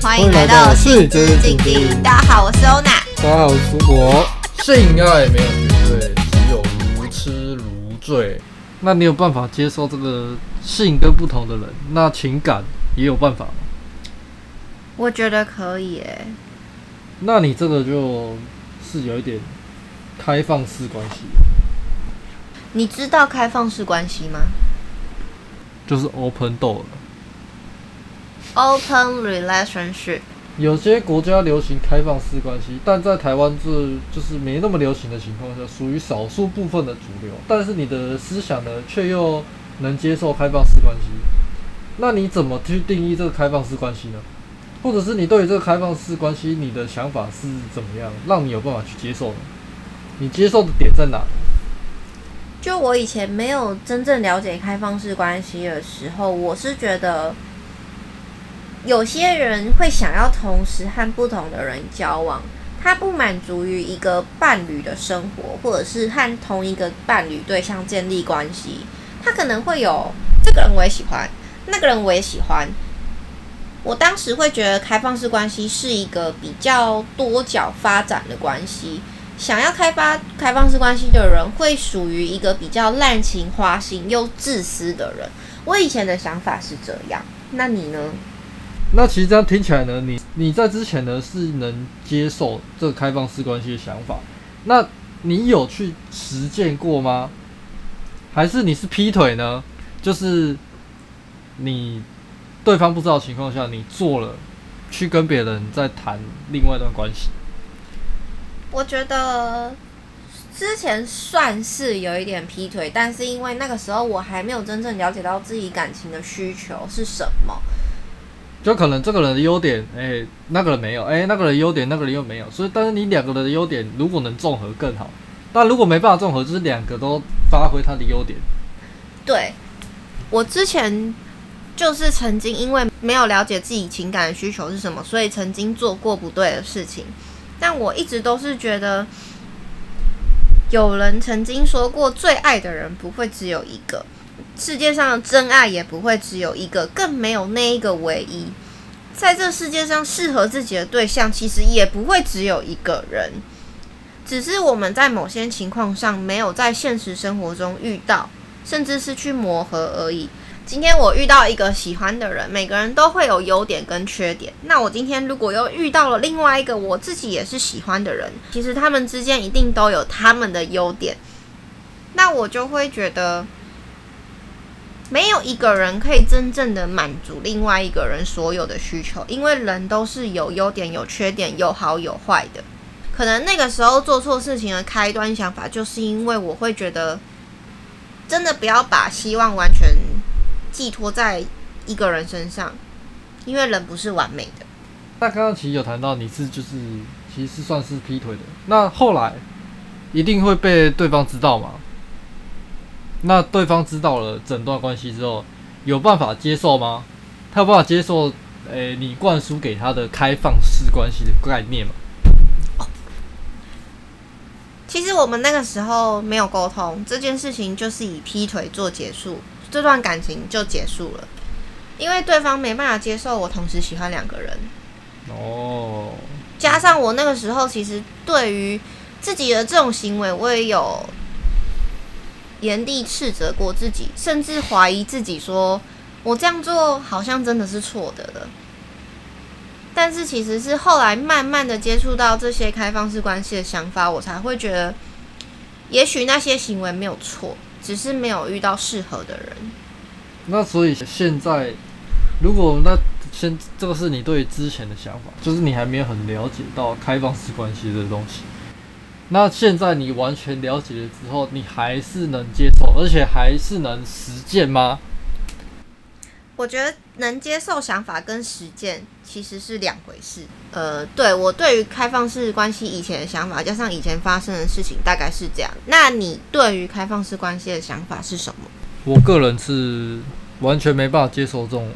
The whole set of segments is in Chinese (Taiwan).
歡迎來到性之靜靜。大家好收，我是歐娜。大家好，出國。性愛沒有絕對，只有如痴如醉。那你有辦法接受這個性跟不同的人？那情感也有辦法嗎？我覺得可以誒、欸。那你這個就是有一點開放式關係。你知道開放式關係嗎？就是 open door，open relationship。有些國家流行開放式關係，但在台灣這就，就是沒那麼流行的情況下，屬於少數部分的主流。但是你的思想呢，卻又能接受開放式關係。那你怎麼去定義這個開放式關係呢？或者是你對於這個開放式關係，你的想法是怎麼樣？讓你有辦法去接受的？你接受的點在哪裡？就我以前沒有真正了解開放式關係的時候，我是覺得有些人會想要同時和不同的人交往，他不滿足於一個伴侶的生活，或者是和同一個伴侶對象建立關係，他可能會有，這個人我也喜歡，那個人我也喜歡。我當時會覺得開放式關係是一個比較多角發展的關係。想要開發開放式關係的人，會屬於一個比較濫情、花心又自私的人。我以前的想法是這樣。那你呢？那其實這樣聽起來呢，你你在之前呢是能接受這個開放式關係的想法，那你有去實踐過嗎？還是你是劈腿呢？就是你對方不知道情況下，你做了去跟別人在談另外一段關係。我覺得之前算是有一點劈腿，但是因為那個時候我還沒有真正了解到自己感情的需求是什麼。就可能這個人的優點，哎、欸，那個人沒有，哎、欸，那個人優點，那個人又沒有，所以，但是你兩個人的優點如果能綜合更好，但如果沒辦法綜合，就是兩個都發揮他的優點。對，我之前就是曾經因為沒有了解自己情感的需求是什麼，所以曾經做過不對的事情。但我一直都是覺得，有人曾經說過，最愛的人不會只有一個，世界上的真愛也不會只有一個，更沒有那一個唯一。在這世界上，適合自己的對象其實也不會只有一個人，只是我們在某些情況上沒有在現實生活中遇到，甚至是去磨合而已。今天我遇到一個喜歡的人，每個人都會有優點跟缺點。那我今天如果又遇到了另外一個我自己也是喜歡的人，其實他們之間一定都有他們的優點。那我就會覺得，沒有一個人可以真正的滿足另外一個人所有的需求，因為人都是有優點、有缺點、有好有壞的。可能那個時候做錯事情的開端想法，就是因為我會覺得，真的不要把希望完全，寄託在一個人身上，因為人不是完美的。那剛剛其實有談到你是就是，其實算是劈腿的。那後來一定會被對方知道嗎？那對方知道了整段關係之後，有辦法接受嗎？他有辦法接受，誒、欸，你灌輸給他的開放式關係的概念嗎？哦，其實我們那個時候沒有溝通，這件事情就是以劈腿做結束。這段感情就結束了，因為對方沒辦法接受我同時喜歡兩個人。哦、oh.，加上我那個時候其實對於自己的這種行為，我也有嚴厲斥責過自己，甚至懷疑自己，說我這樣做好像真的是錯的了。但是其實是後來慢慢的接觸到這些開放式關係的想法，我才會覺得。也許那些行為沒有錯，只是沒有遇到適合的人。那所以現在，如果那先，這個是你對之前的想法，就是你還沒有很了解到開放式關係的東西。那現在你完全了解了之後，你還是能接受，而且還是能實踐嗎？我覺得。能接受想法跟實踐其實是兩回事。呃，對我對於開放式關係以前的想法，加上以前發生的事情，大概是這樣。那你對於開放式關係的想法是什麼？我個人是完全沒辦法接受這種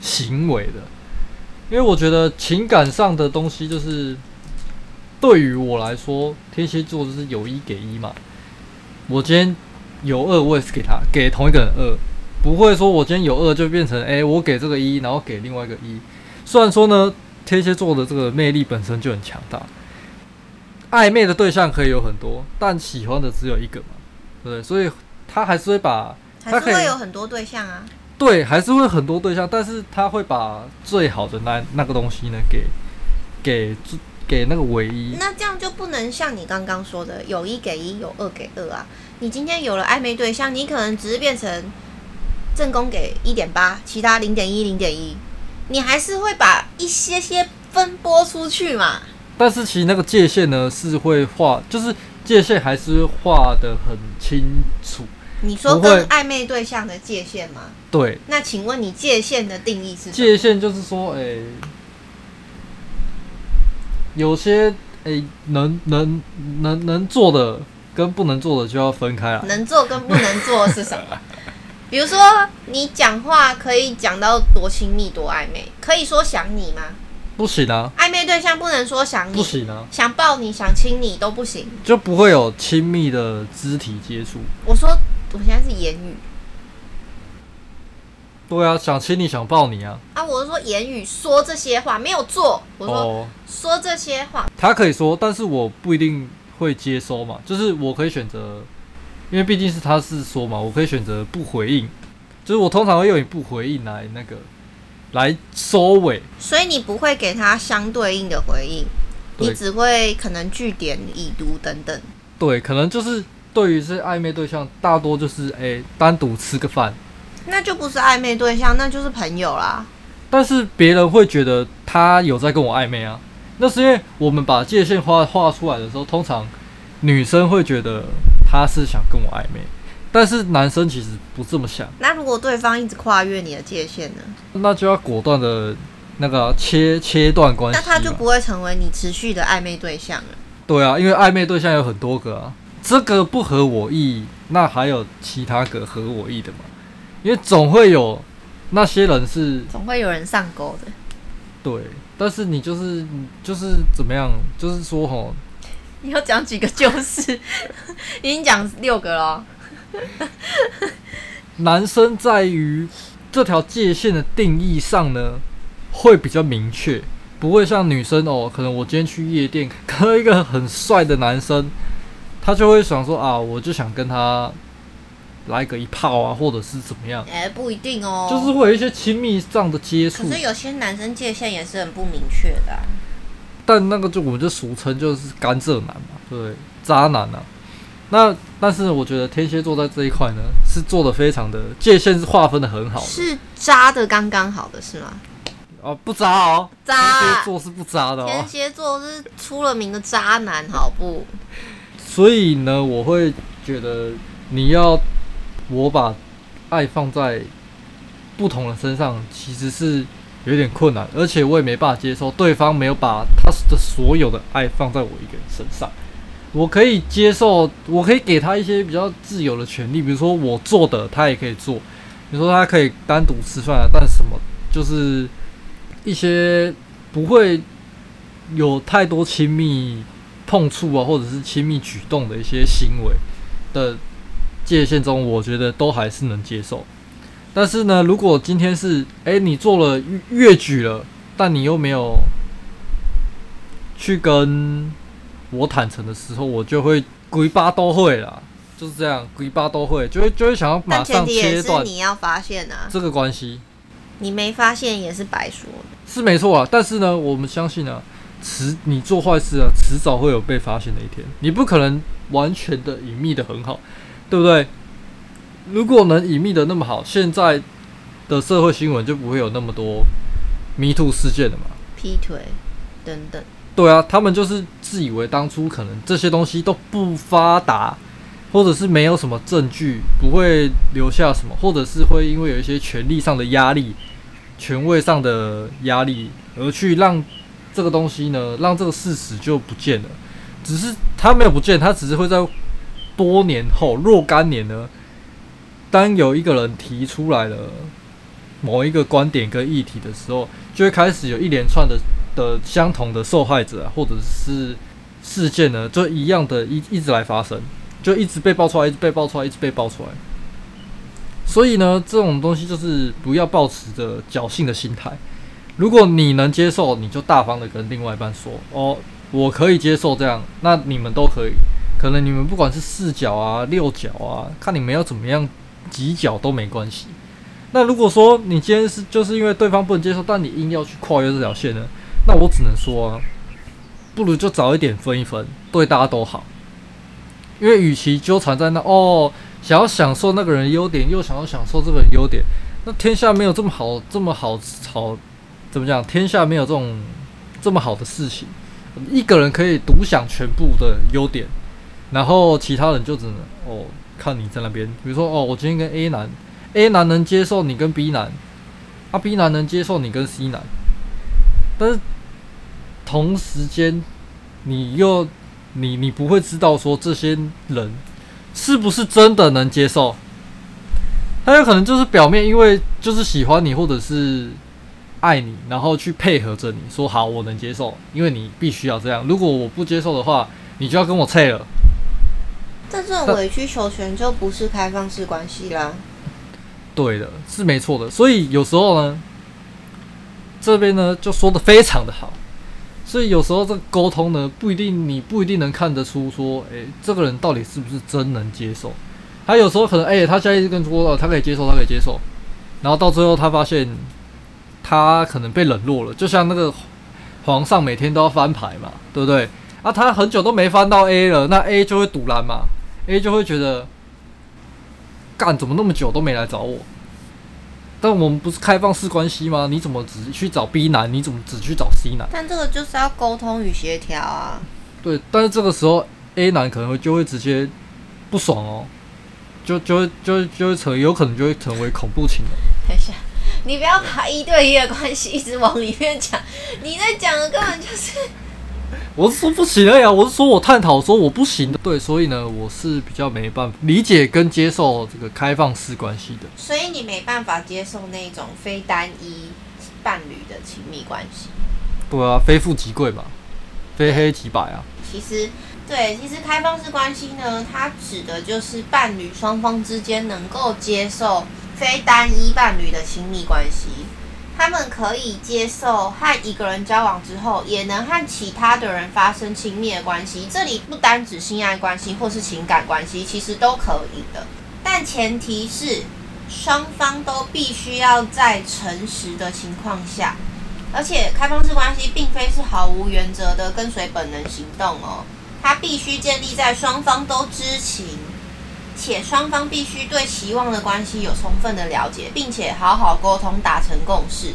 行為的，因為我覺得情感上的東西就是對於我來說，天蠍座就是有一給一嘛。我今天有二，我也是給他給同一個人二。不會說，我今天有二就變成誒、欸。我給這個一，然後給另外一個一。雖然說呢，天蠍座的這個魅力本身就很強大，曖昧的對象可以有很多，但喜歡的只有一個嘛，對，所以他還是會把，還是會有很多對象啊。對，還是會很多對象，但是他會把最好的那那個東西呢，給給給那個唯一。那這樣就不能像你剛剛說的，有一給一，有二給二啊。你今天有了曖昧對象，你可能只是變成。.正宮給一點八，其他零點一，零點一，你還是會把一些些分撥出去嘛？但是其實那個界限呢，是會畫，就是界限還是畫得很清楚。你說跟曖昧對象的界限嗎？對。那請問你界限的定義是什麼？界限就是說，哎、欸，有些誒、欸，能能能能，能做的跟不能做的就要分開了。能做跟不能做是什麼？ 比如說，你講話可以講到多親密、多曖昧，可以說想你嗎？不行啊！曖昧對象不能說想你，不行啊，想抱你、想親你都不行，就不會有親密的肢體接觸。我說，我現在是言語。對啊，想親你想抱你啊！啊，我是說言語說這些話沒有做，我說、oh. 說這些話，他可以說，但是我不一定會接收嘛，就是我可以選擇。因為畢竟是他是說嘛，我可以選擇不回應，就是我通常會用你不回應來那個來收尾，所以你不會給他相對應的回應，你只會可能句點已讀等等。對，可能就是對於是曖昧對象，大多就是誒、欸、單獨吃個飯，那就不是曖昧對象，那就是朋友啦。但是別人會覺得他有在跟我曖昧啊，那是因為我們把界限畫畫出來的時候，通常女生會覺得。他是想跟我曖昧，但是男生其實不這麼想。那如果對方一直跨越你的界限呢？那就要果斷的，那個切切斷關係。那他就不會成為你持續的曖昧對象了。對啊，因為曖昧對象有很多個啊，這個不合我意，那還有其他個合我意的嘛？因為總會有那些人是總會有人上鈎的。對，但是你就是就是怎麼樣？就是說吼你要講幾個就是， 已經講六個了。 男生在於這條界限的定義上呢，會比較明確，不會像女生哦。可能我今天去夜店，看到一個很帥的男生，他就會想說啊，我就想跟他來個一炮啊，或者是怎麼樣？哎、欸，不一定哦，就是會有一些親密上的接觸。可是有些男生界限也是很不明確的、啊。但那個就我們就俗稱就是甘蔗男嘛，對，渣男啊。那但是我覺得天蠍座在這一塊呢，是做的非常的界限是劃分的很好的，是渣的剛剛好的是嗎？哦、啊，不渣哦，渣，天蠍座是不渣的哦，天蠍座是出了名的渣男，好不？所以呢，我會覺得你要我把愛放在不同的身上，其實是。有點困難，而且我也沒辦法接受對方沒有把他的所有的愛放在我一個人身上。我可以接受，我可以給他一些比較自由的權利，比如說我做的他也可以做，比如說他可以單獨吃飯啊，但什麼就是一些不會有太多親密碰觸啊，或者是親密舉動的一些行為的界限中，我覺得都還是能接受。但是呢，如果今天是哎、欸，你做了越，越矩了，但你又沒有去跟我坦誠的時候，我就會鬼八都會啦，就是這樣，鬼八都會，就會就會想要馬上切斷。但前提是你要發現啊，這個關係，你沒發現也是白說的，是沒錯啊。但是呢，我們相信啊，遲你做壞事啊，遲早會有被發現的一天，你不可能完全的隱秘的很好，對不對？如果能隱秘的那麼好，現在的社會新聞就不會有那麼多迷途事件了嘛。劈腿等等。對啊，他們就是自以為當初可能這些東西都不發達，或者是沒有什麼證據，不會留下什麼，或者是會因為有一些權力上的壓力、權位上的壓力，而去讓這個東西呢，讓這個事實就不見了。只是他沒有不見，他只是會在多年後、若干年呢。當有一個人提出來了某一個觀點跟議題的時候，就會開始有一連串的的相同的受害者，或者是事件呢，就一樣的一一直來發生，就一直被爆出來，一直被爆出來，一直被爆出來。所以呢，這種東西就是不要抱持着僥倖的心態。如果你能接受，你就大方的跟另外一半說：“哦，我可以接受這樣。”那你們都可以。可能你們不管是四角啊、六角啊，看你們要怎麼樣。幾腳都沒關係。那如果說你今天是就是因為對方不能接受，但你硬要去跨越這條線呢？那我只能說啊，不如就早一點分一分，對大家都好。因為與其糾纏在那哦，想要享受那個人優點，又想要享受這個人優點，那天下沒有這麼好這麼好好怎麼講？天下沒有這種這麼好的事情，一個人可以獨享全部的優點，然後其他人就只能哦。看你在那邊，比如說，哦，我今天跟 A 男，A 男能接受你跟 B 男，啊，B 男能接受你跟 C 男，但是同時間，你又你你不會知道說這些人是不是真的能接受，他有可能就是表面因為就是喜歡你或者是愛你，然後去配合着你說好，我能接受，因為你必須要這樣，如果我不接受的話，你就要跟我拆了。那這種委曲求全就不是開放式關係啦。對的，是沒錯的。所以有時候呢，這邊呢就說得非常的好。所以有時候這個溝通呢不一定，你不一定能看得出說，哎、欸，這個人到底是不是真能接受？他有時候可能哎、欸，他現在一直跟你說哦、啊，他可以接受，他可以接受。然後到最後他發現他可能被冷落了，就像那個皇上每天都要翻牌嘛，對不對？啊，他很久都沒翻到 A 了，那 A 就會堵爛嘛。A 就會覺得，幹怎麼那麼久都沒來找我？但我們不是開放式關係嗎？你怎麼只去找 B 男？你怎麼只去找 C 男？但這個就是要溝通與協調啊。對，但是這個時候 A 男可能就會直接不爽哦，就就就就，就成有可能就會成為恐怖情人。等一下，你不要把一對一的關係一直往裡面講，你在講的根本就是。 我是說不行了呀，我是說我探討說我不行的。對，所以呢，我是比較沒辦法理解跟接受這個開放式關係的。所以你沒辦法接受那種非單一伴侶的親密關係？對啊，非富即貴嘛，非黑即白啊。其實對，其實開放式關係呢，它指的就是伴侶雙方之間能夠接受非單一伴侶的親密關係。他們可以接受和一個人交往之後，也能和其他的人發生親密的關係。這裡不單指性愛關係或是情感關係，其實都可以的。但前提是雙方都必須要在誠實的情況下，而且開放式關係並非是毫無原則的跟隨本能行動哦，它必須建立在雙方都知情。且雙方必須對希望的關係有充分的了解，並且好好溝通，達成共識。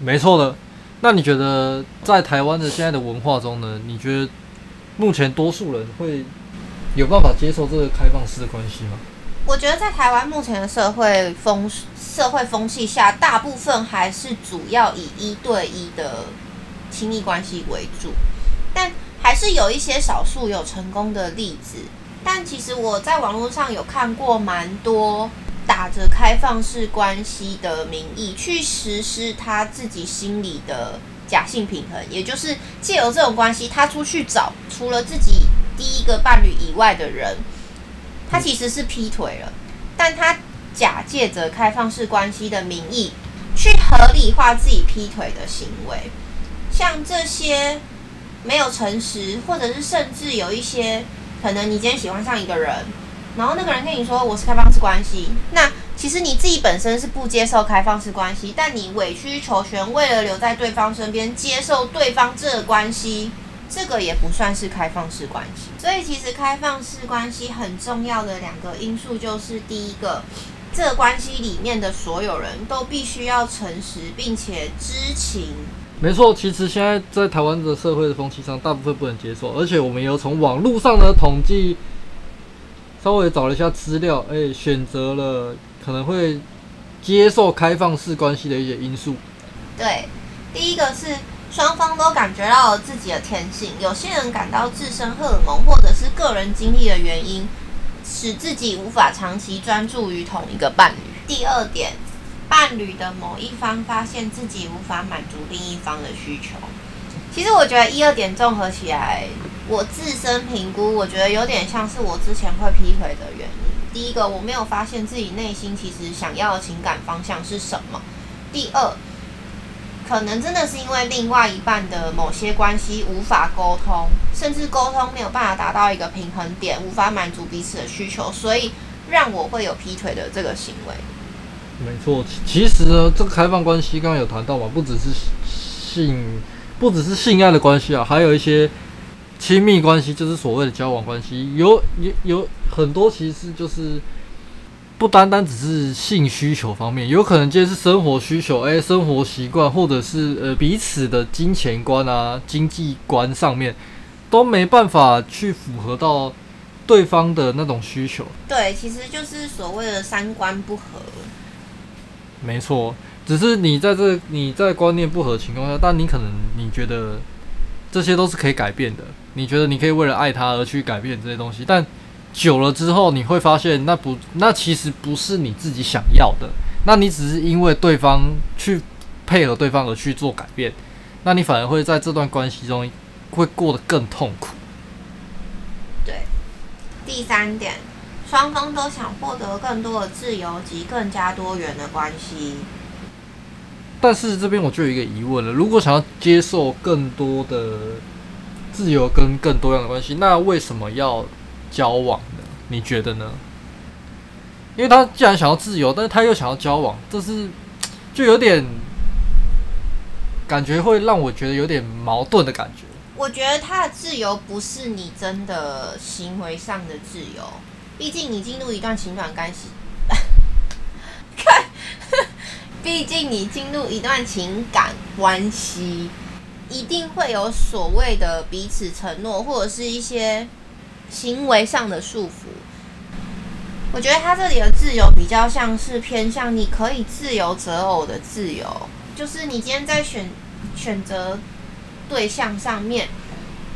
沒錯的。那你覺得在台灣的現在的文化中呢？你覺得目前多數人會有辦法接受這個開放式的關係嗎？我覺得在台灣目前的社會風社會風氣下，大部分還是主要以一對一的親密關係為主，但還是有一些少數有成功的例子。但其實我在網絡上有看過蠻多打着開放式關係的名義去實施他自己心裡的假性平衡，也就是借由這種關係，他出去找除了自己第一個伴侶以外的人，他其實是劈腿了，但他假借着開放式關係的名義去合理化自己劈腿的行為，像這些沒有誠實，或者是甚至有一些。可能你今天喜歡上一個人，然後那個人跟你說，我是開放式關係，那其實你自己本身是不接受開放式關係，但你委曲求全，為了留在對方身邊，接受對方這個關係，這個也不算是開放式關係。所以其實開放式關係很重要的兩個因素就是，第一個，這個關係裡面的所有人都必須要誠實，並且知情。沒錯，其實現在在台灣的社會的風氣上，大部分不能接受，而且我們也有從網絡上的統計，稍微找了一下資料，誒、欸，選擇了可能會接受開放式關係的一些因素。對，第一個是雙方都感覺到了自己的天性，有些人感到自身荷爾蒙或者是個人經歷的原因，使自己無法長期專注於同一個伴侶。第二點。伴侶的某一方發現自己無法滿足另一方的需求，其實我覺得一二點綜合起來，我自身評估，我覺得有點像是我之前會劈腿的原因。第一個，我沒有發現自己內心其實想要的情感方向是什麼；第二，可能真的是因為另外一半的某些關係無法溝通，甚至溝通沒有辦法達到一個平衡點，無法滿足彼此的需求，所以讓我會有劈腿的這個行為。沒錯，其實呢，這個開放關係剛剛有談到嘛，不只是性，不只是性愛的關係啊，還有一些親密關係，就是所謂的交往關係，有有有很多其實就是不單單只是性需求方面，有可能就是生活需求，哎、欸，生活習慣，或者是呃彼此的金錢觀啊、經濟觀上面都沒辦法去符合到對方的那種需求。對，其實就是所謂的三觀不合。沒錯，只是你在這，你在觀念不合的情況下，但你可能你覺得這些都是可以改變的，你覺得你可以為了愛他而去改變這些東西，但久了之後你會發現，那不，那其實不是你自己想要的，那你只是因為對方去配合對方而去做改變，那你反而會在這段關係中會過得更痛苦。對，第三點。雙方都想獲得更多的自由及更加多元的關係，但是這邊我就有一個疑問了：如果想要接受更多的自由跟更多樣的關係，那為什麼要交往呢？你覺得呢？因為他既然想要自由，但是他又想要交往，這是就有點感覺會讓我覺得有點矛盾的感覺。我覺得他的自由不是你真的行為上的自由。畢竟你進入， 看，畢竟你進入一段情感關係，畢竟你進入一段情感關係，一定會有所謂的彼此承諾，或者是一些行為上的束縛。我覺得他這裡的自由比較像是偏向你可以自由擇偶的自由，就是你今天在選選擇對象上面，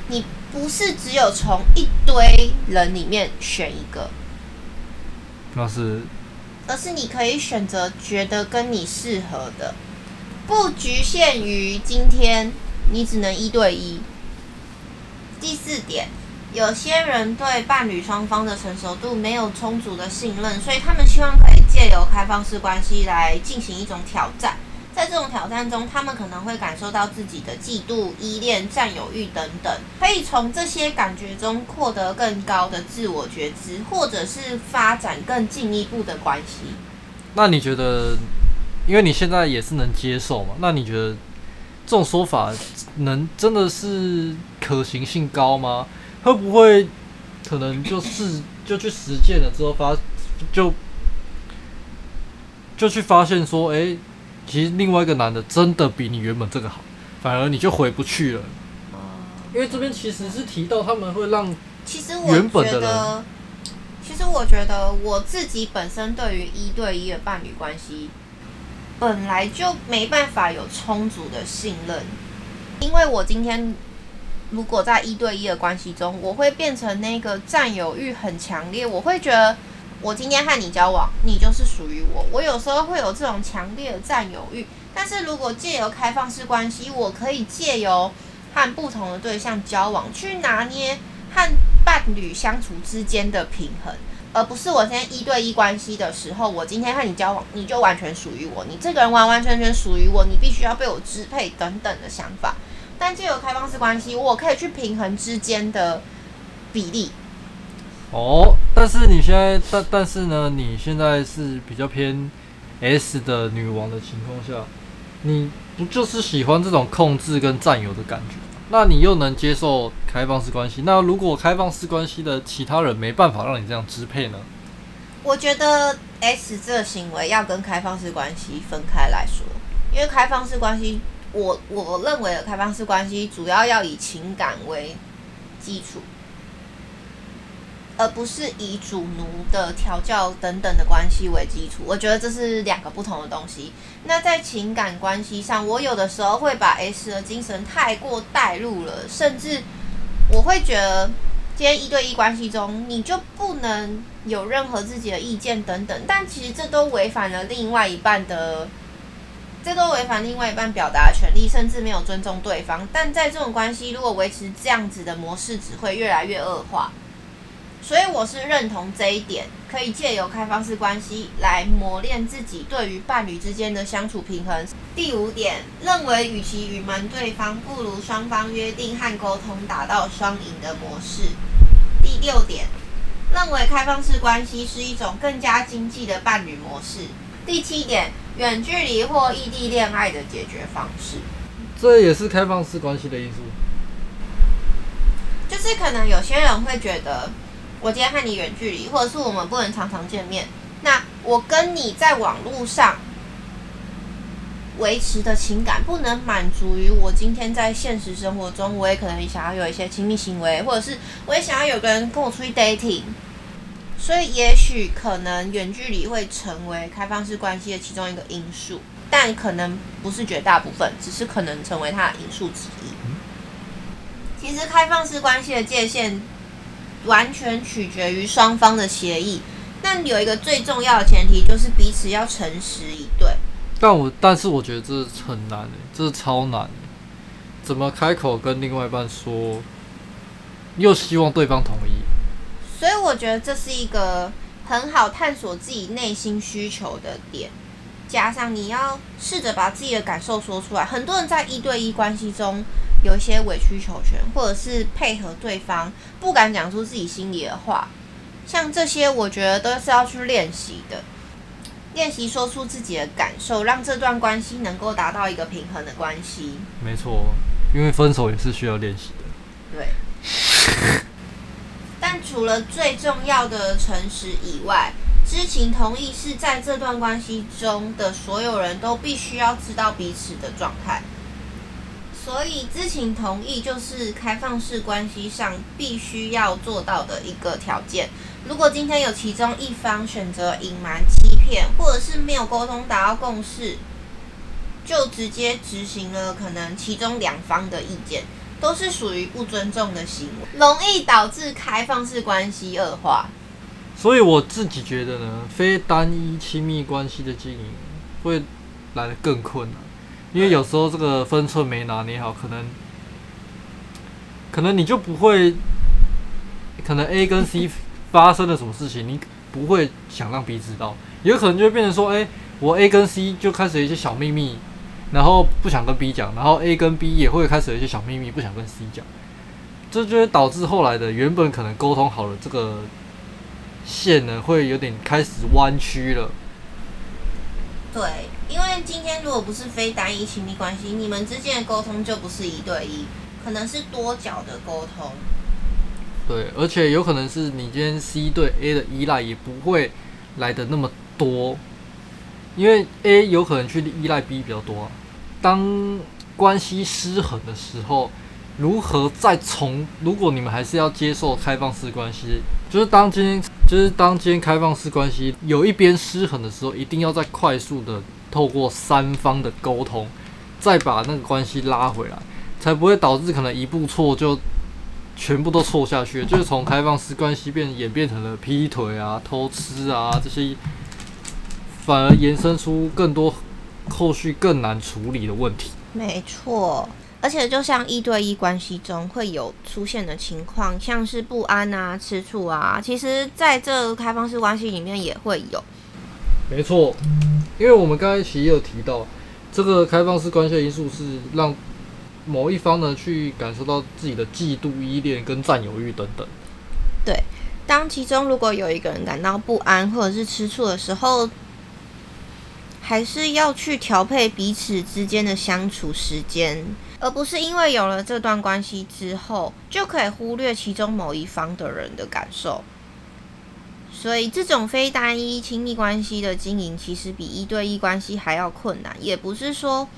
你。不是只有從一堆人裡面選一個，而是，而是你可以選擇覺得跟你適合的，不局限於今天，你只能一對一。第四點，有些人對伴侶雙方的成熟度沒有充足的信任，所以他們希望可以借由開放式關係來進行一種挑戰。在這種挑戰中，他們可能會感受到自己的嫉妒、依戀、占有欲等等，可以從這些感覺中獲得更高的自我覺知，或者是發展更進一步的關係。那你覺得，因為你現在也是能接受嘛？那你覺得這種說法能真的是可行性高嗎？會不會可能就是，就去實踐了之後發，就就去發現說，哎、欸？其實另外一個男的真的比你原本這個好，反而你就回不去了。因為這邊其實是提到他們會讓，其實我原本的，其實我覺得，其實我覺得我自己本身對於一對一的伴侶關係，本來就沒辦法有充足的信任，因為我今天如果在一對一的關係中，我會變成那個占有欲很強烈，我會覺得。我今天和你交往，你就是屬於我。我有時候會有這種強烈的佔有欲，但是如果借由開放式關係，我可以借由和不同的對象交往，去拿捏和伴侶相處之間的平衡，而不是我現在一對一關係的時候，我今天和你交往，你就完全屬於我，你這個人完完全全屬於我，你必須要被我支配等等的想法。但借由開放式關係，我可以去平衡之間的比例。哦，但是你現在，但但是呢，你現在是比較偏 S 的女王的情況下，你不就是喜歡這種控制跟占有的感覺嗎？那你又能接受開放式關係？那如果開放式關係的其他人沒辦法讓你這樣支配呢？我覺得 S 這個行為要跟開放式關係分開來說，因為開放式關係，我我認為的開放式關係主要要以情感為基礎。而不是以主奴的調教等等的關係為基礎，我覺得這是兩個不同的東西。那在情感關係上，我有的時候會把 S 的精神太過帶入了，甚至我會覺得，今天一對一關係中，你就不能有任何自己的意見等等。但其實這都違反了另外一半的，這都違反另外一半表達的權利，甚至沒有尊重對方。但在這種關係，如果維持這樣子的模式，只會越來越惡化。所以我是認同這一點，可以借由開放式關係來磨練自己對於伴侶之間的相處平衡。第五點，認為與其隱瞞對方，不如雙方約定和溝通，達到雙贏的模式。第六點，認為開放式關係是一種更加經濟的伴侶模式。第七點，遠距離或異地戀愛的解決方式，這也是開放式關係的因素。就是可能有些人會覺得。我今天和你遠距離，或者是我們不能常常見面，那我跟你在網絡上維持的情感，不能滿足於我今天在現實生活中，我也可能想要有一些親密行為，或者是我也想要有個人跟我出去 dating，所以也許可能遠距離會成為開放式關係的其中一個因素，但可能不是絕大部分，只是可能成為它的因素之一。其實開放式關係的界限，完全取決於雙方的協議，但有一個最重要的前提就是彼此要誠實以對。但我但是我覺得這是很難的欸，這是超難的欸，怎麼開口跟另外一半說，又希望對方同意？所以我覺得這是一個很好探索自己內心需求的點，加上你要試着把自己的感受說出來。很多人在一對一關係中，有一些委曲求全，或者是配合對方，不敢講出自己心裡的話，像這些，我覺得都是要去練習的，練習說出自己的感受，讓這段關係能夠達到一個平衡的關係。沒錯，因為分手也是需要練習的。對。 但除了最重要的誠實以外，知情同意是在這段關係中的所有人都必須要知道彼此的狀態。所以知情同意就是開放式關係上必須要做到的一個條件。如果今天有其中一方選擇隱瞞、欺騙，或者是沒有溝通達到共識，就直接執行了可能其中兩方的意見，都是屬於不尊重的行為，容易導致開放式關係惡化。所以我自己覺得呢，非單一親密關係的經營會來得更困難。因為有時候這個分寸沒拿捏好，可能，可能你就不會，可能 A 跟 C 發生了什麼事情， 你不會想讓 B 知道。也有可能就會變成說，哎、欸，我 A 跟 C 就開始有一些小祕密，然後不想跟 B 講，然後 A 跟 B 也會開始有一些小祕密，不想跟 C 講，這就會導致後來的原本可能溝通好了這個線呢，會有點開始彎曲了。對。因為今天如果不是非單一親密關係，你們之間的溝通就不是一對一，可能是多角的溝通。對，而且有可能是你今天 C 對 A 的依賴也不會來得那麼多，因為 A 有可能去依賴 B 比較多啊，當關係失衡的時候，如何再從？如果你們還是要接受開放式關係，就是當今天，就是當今天開放式關係有一邊失衡的時候，一定要再快速的。透過三方的溝通，再把那個關係拉回來，才不會導致可能一步錯就全部都錯下去，就是從開放式關係變演變成了劈腿啊、偷吃啊這些，反而延伸出更多後續更難處理的問題。沒錯，而且就像一對一關係中會有出現的情況，像是不安啊、吃醋啊，其實在這個開放式關係裡面也會有。沒錯，因為我們剛才其實也有提到，這個開放式關係因素是讓某一方呢去感受到自己的嫉妒、依戀跟占有欲等等。對，當其中如果有一個人感到不安或者是吃醋的時候，還是要去調配彼此之間的相處時間，而不是因為有了這段關係之後就可以忽略其中某一方的人的感受。所以，這種非單一親密關係的經營，其實比一對一關係還要困難。也不是說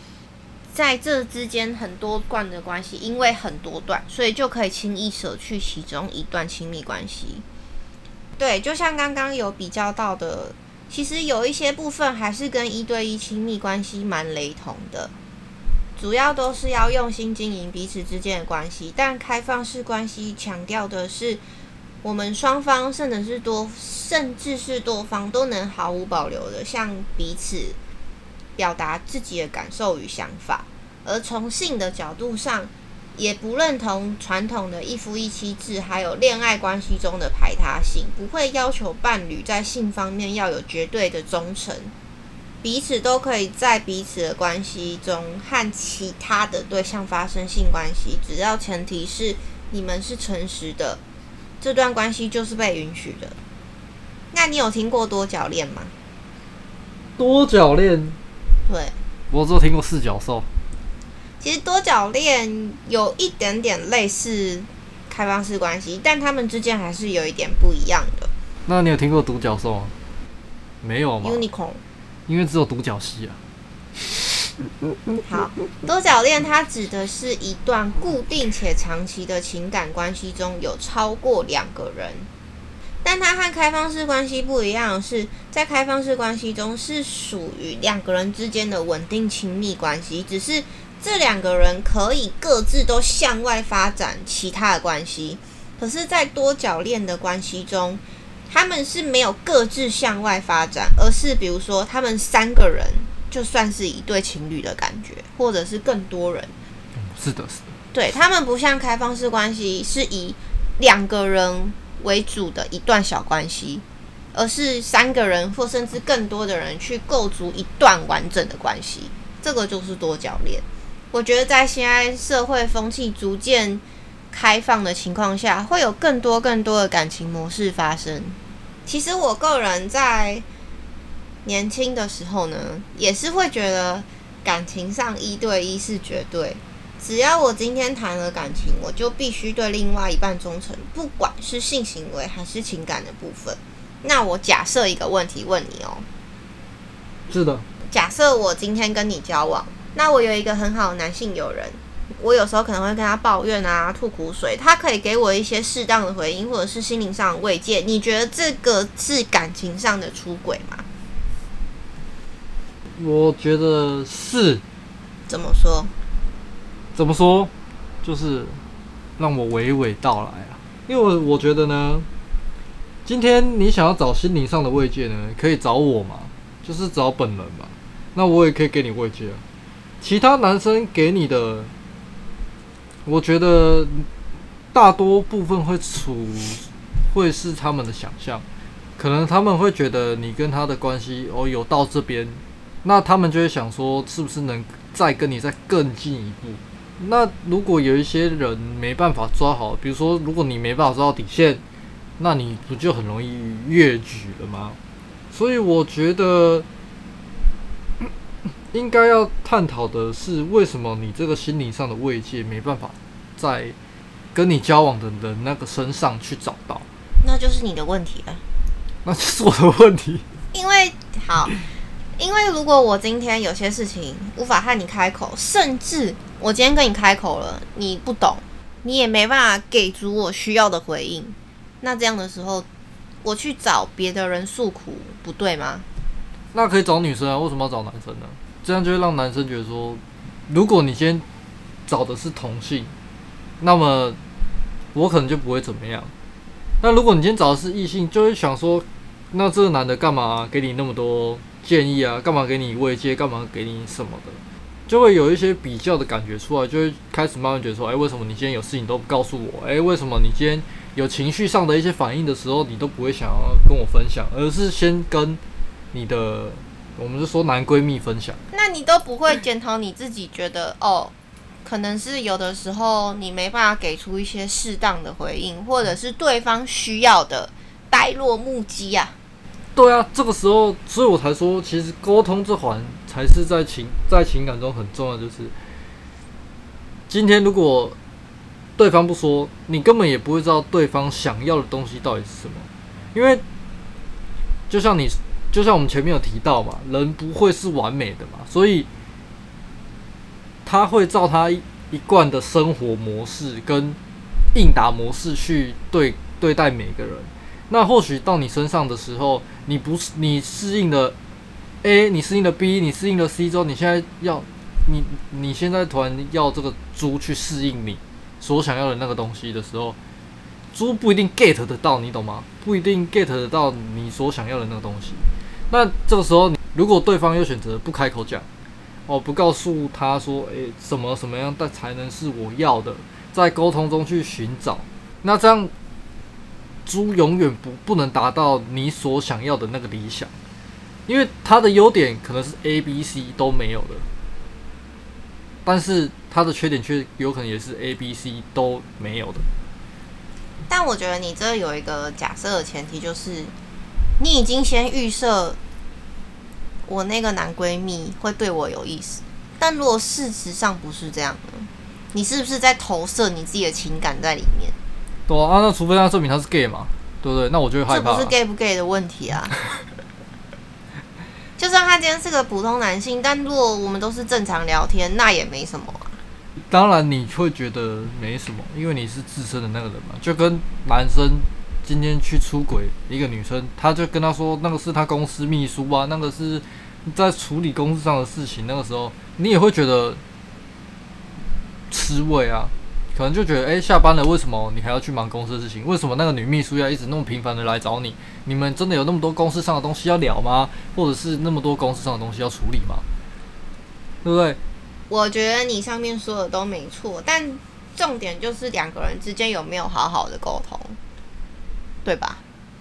在這之間很多段的關係，因為很多段，所以就可以輕易捨去其中一段親密關係。對，就像剛剛有比較到的，其實有一些部分還是跟一對一親密關係蠻雷同的，主要都是要用心經營彼此之間的關係。但開放式關係強調的是我們雙方，甚至是多，甚至是多方，都能毫無保留的向彼此表達自己的感受與想法。而從性的角度上，也不認同傳統的一夫一妻制，還有戀愛關係中的排他性，不會要求伴侶在性方面要有絕對的忠誠。彼此都可以在彼此的關係中和其他的對象發生性關係，只要前提是你們是誠實的。這段關係就是被允許的。那你有聽過多角戀嗎？多角戀，對，我只有聽過四角獸。其實多角戀有一點點類似開放式關係，但他們之間還是有一點不一樣的。那你有聽過獨角獸嗎？沒有嗎？Unicorn，因為只有獨角戲啊。好，多角戀它指的是一段固定且長期的情感關係中有超過兩個人，但它和開放式關係不一樣的是，在開放式關係中是屬於兩個人之間的穩定親密關係，只是這兩個人可以各自都向外發展其他的關係。可是，在多角戀的關係中，他們是沒有各自向外發展，而是比如說他們三個人。就算是一對情侶的感覺，或者是更多人，嗯，是的，是的，對，他們不像開放式關係是以兩個人為主的一段小關係，而是三個人或甚至更多的人去構築一段完整的關係，這個就是多角戀。我覺得在現在社會風氣逐漸開放的情況下，會有更多更多的感情模式發生。其實我個人在。年輕的時候呢，也是會覺得感情上一對一是絕對。只要我今天談了感情，我就必須對另外一半忠誠，不管是性行為還是情感的部分。那我假設一個問題問你哦，是的。假設我今天跟你交往，那我有一個很好的男性友人，我有時候可能會跟他抱怨啊、吐苦水，他可以給我一些適當的回應，或者是心靈上的慰藉。你覺得這個是感情上的出軌嗎？我覺得是，怎麼說？怎麼說？就是讓我娓娓道來啊。因為我覺得呢，今天你想要找心靈上的慰藉呢，可以找我嘛，就是找本人嘛。那我也可以給你慰藉啊。其他男生給你的，我覺得大多部分會處會是他們的想象，可能他們會覺得你跟他的關係哦，有到這邊。那他們就會想說，是不是能再跟你再更進一步？那如果有一些人沒辦法抓好，比如說，如果你沒辦法抓到底線，那你不就很容易越舉了嗎？所以我覺得應該要探討的是，為什麼你這個心理上的慰藉沒辦法在跟你交往的人那個身上去找到？那就是你的問題了。那就是我的問題。因為好。因為如果我今天有些事情無法和你開口，甚至我今天跟你開口了，你不懂，你也沒辦法給足我需要的回應，那這樣的時候，我去找別的人訴苦，不對嗎？那可以找女生啊，為什麼要找男生呢？這樣就會讓男生覺得說，如果你今天找的是同性，那麼我可能就不會怎麼樣。那如果你今天找的是異性，就會想說，那這個男的幹嘛、啊、給你那麼多建議啊？幹嘛給你慰藉？幹嘛給你什麼的？就會有一些比較的感覺出來，就會開始慢慢覺得說，哎、欸，為什麼你今天有事情都不告訴我？哎、欸，為什麼你今天有情緒上的一些反應的時候，你都不會想要跟我分享，而是先跟你的，我們是說男閨蜜分享？那你都不會檢討你自己？覺得哦，可能是有的時候你沒辦法給出一些適當的回應，或者是對方需要的呆若木雞呀？對呀、啊，這個時候，所以我才說，其實溝通這環才是在情在情感中很重要的。就是今天如果對方不說，你根本也不會知道對方想要的東西到底是什麼。因為就像你，就像我們前面有提到嘛，人不會是完美的嘛，所以他會照他一一貫的生活模式跟應答模式去對對待每個人。那或許到你身上的時候，你不是你適應了 A，你適應了 B，你適應了 C 之後，你現在要你你現在突然要這個豬去適應你所想要的那個東西的時候，豬不一定 get 得到，你懂嗎？不一定 get 得到你所想要的那個東西。那這個時候，如果對方又選擇不開口講，哦，不告訴他說，誒，欸，什麼什麼樣的才能是我要的，在溝通中去尋找。那這樣。豬永遠不不能達到你所想要的那個理想，因為它的優點可能是 A、B、C 都沒有的，但是它的缺點卻有可能也是 A、B、C 都沒有的。但我覺得你這有一個假設的前提，就是你已經先預設我那個男閨蜜會對我有意思，但如果事實上不是這樣呢？你是不是在投射你自己的情感在裡面？說啊，那除非他證明他是 gay 嘛，對不對？那我就會害怕。這不是 gay 不 gay 的問題啊， 就算他今天是個普通男性，但如果我們都是正常聊天，那也沒什麼啊。當然你會覺得沒什麼，因為你是自身的那個人嘛。就跟男生今天去出軌一個女生，他就跟他說那個是他公司秘書啊，那個是在處理公司上的事情。那個時候你也會覺得吃味啊。可能就覺得，哎、欸，下班了，為什麼你還要去忙公司的事情？為什麼那個女秘書要一直那麼頻繁的來找你？你們真的有那麼多公司上的東西要聊嗎？或者是那麼多公司上的東西要處理嗎？對不對？我覺得你上面說的都沒錯，但重點就是兩個人之間有沒有好好的溝通，對吧？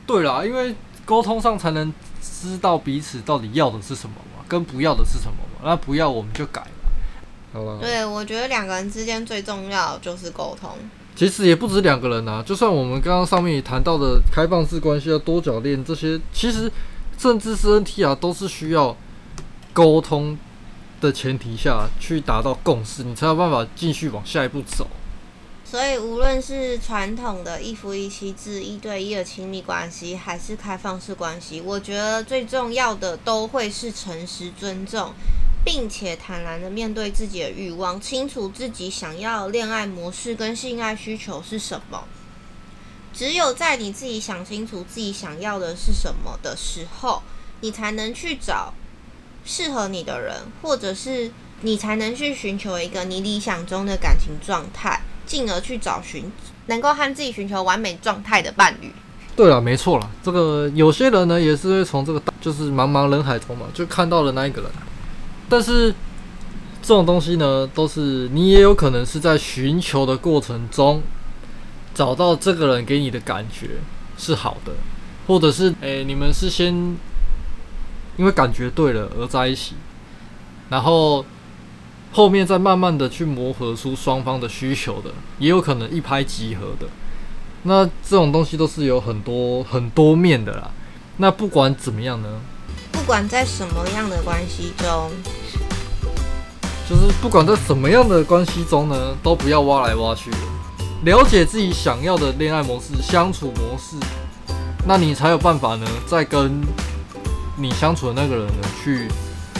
對啦，因為溝通上才能知道彼此到底要的是什麼嘛，跟不要的是什麼嘛，那不要我們就改。對，我覺得兩個人之間最重要就是溝通。其實也不止兩個人吶、啊，就算我們剛剛上面也談到的開放式關係、要多角戀這些，其實甚至是 NTR，都是需要溝通的前提下去達到共識，你才有辦法繼續往下一步走。所以，無論是傳統的一夫一妻制、一對一的親密關係，還是開放式關係，我覺得最重要的都會是誠實、尊重。並且坦然的面對自己的慾望，清楚自己想要的戀愛模式跟性愛需求是什麼。只有在你自己想清楚自己想要的是什麼的時候，你才能去找適合你的人，或者是你才能去尋求一個你理想中的感情狀態，進而去找尋能夠和自己尋求完美狀態的伴侶。對了、啊，沒錯了，這個有些人呢也是會從這個就是茫茫人海中嘛，就看到了那一個人。但是這種東西呢，都是你也有可能是在尋求的過程中找到這個人給你的感覺是好的，或者是欸，你們是先因為感覺對了而在一起，然後後面再慢慢的去磨合出雙方的需求的，也有可能一拍即合的。那這種東西都是有很多很多面的啦。那不管怎麼樣呢，不管在什麼樣的關係中，就是不管在什麼樣的關係中呢，都不要挖來挖去了，了解自己想要的戀愛模式、相處模式，那你才有辦法呢，再跟你相處的那個人呢，去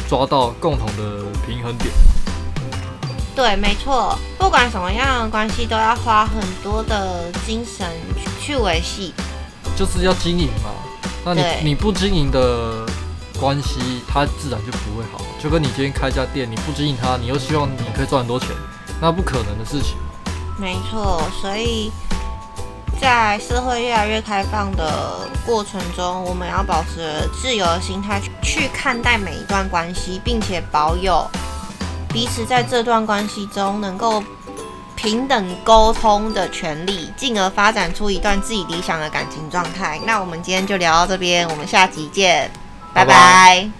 抓到共同的平衡點。對，沒錯，不管什麼樣的關係，都要花很多的精神去維繫，就是要經營嘛。那你你不經營的關係，它自然就不會好。就跟你今天開一家店，你不經營它，你又希望你可以賺很多錢，那不可能的事情。沒錯，所以，在社會越來越開放的過程中，我們要保持自由的心態去看待每一段關係，並且保有彼此在這段關係中能夠平等溝通的權利，進而發展出一段自己理想的感情狀態。那我們今天就聊到這邊，我們下集見，拜拜。拜拜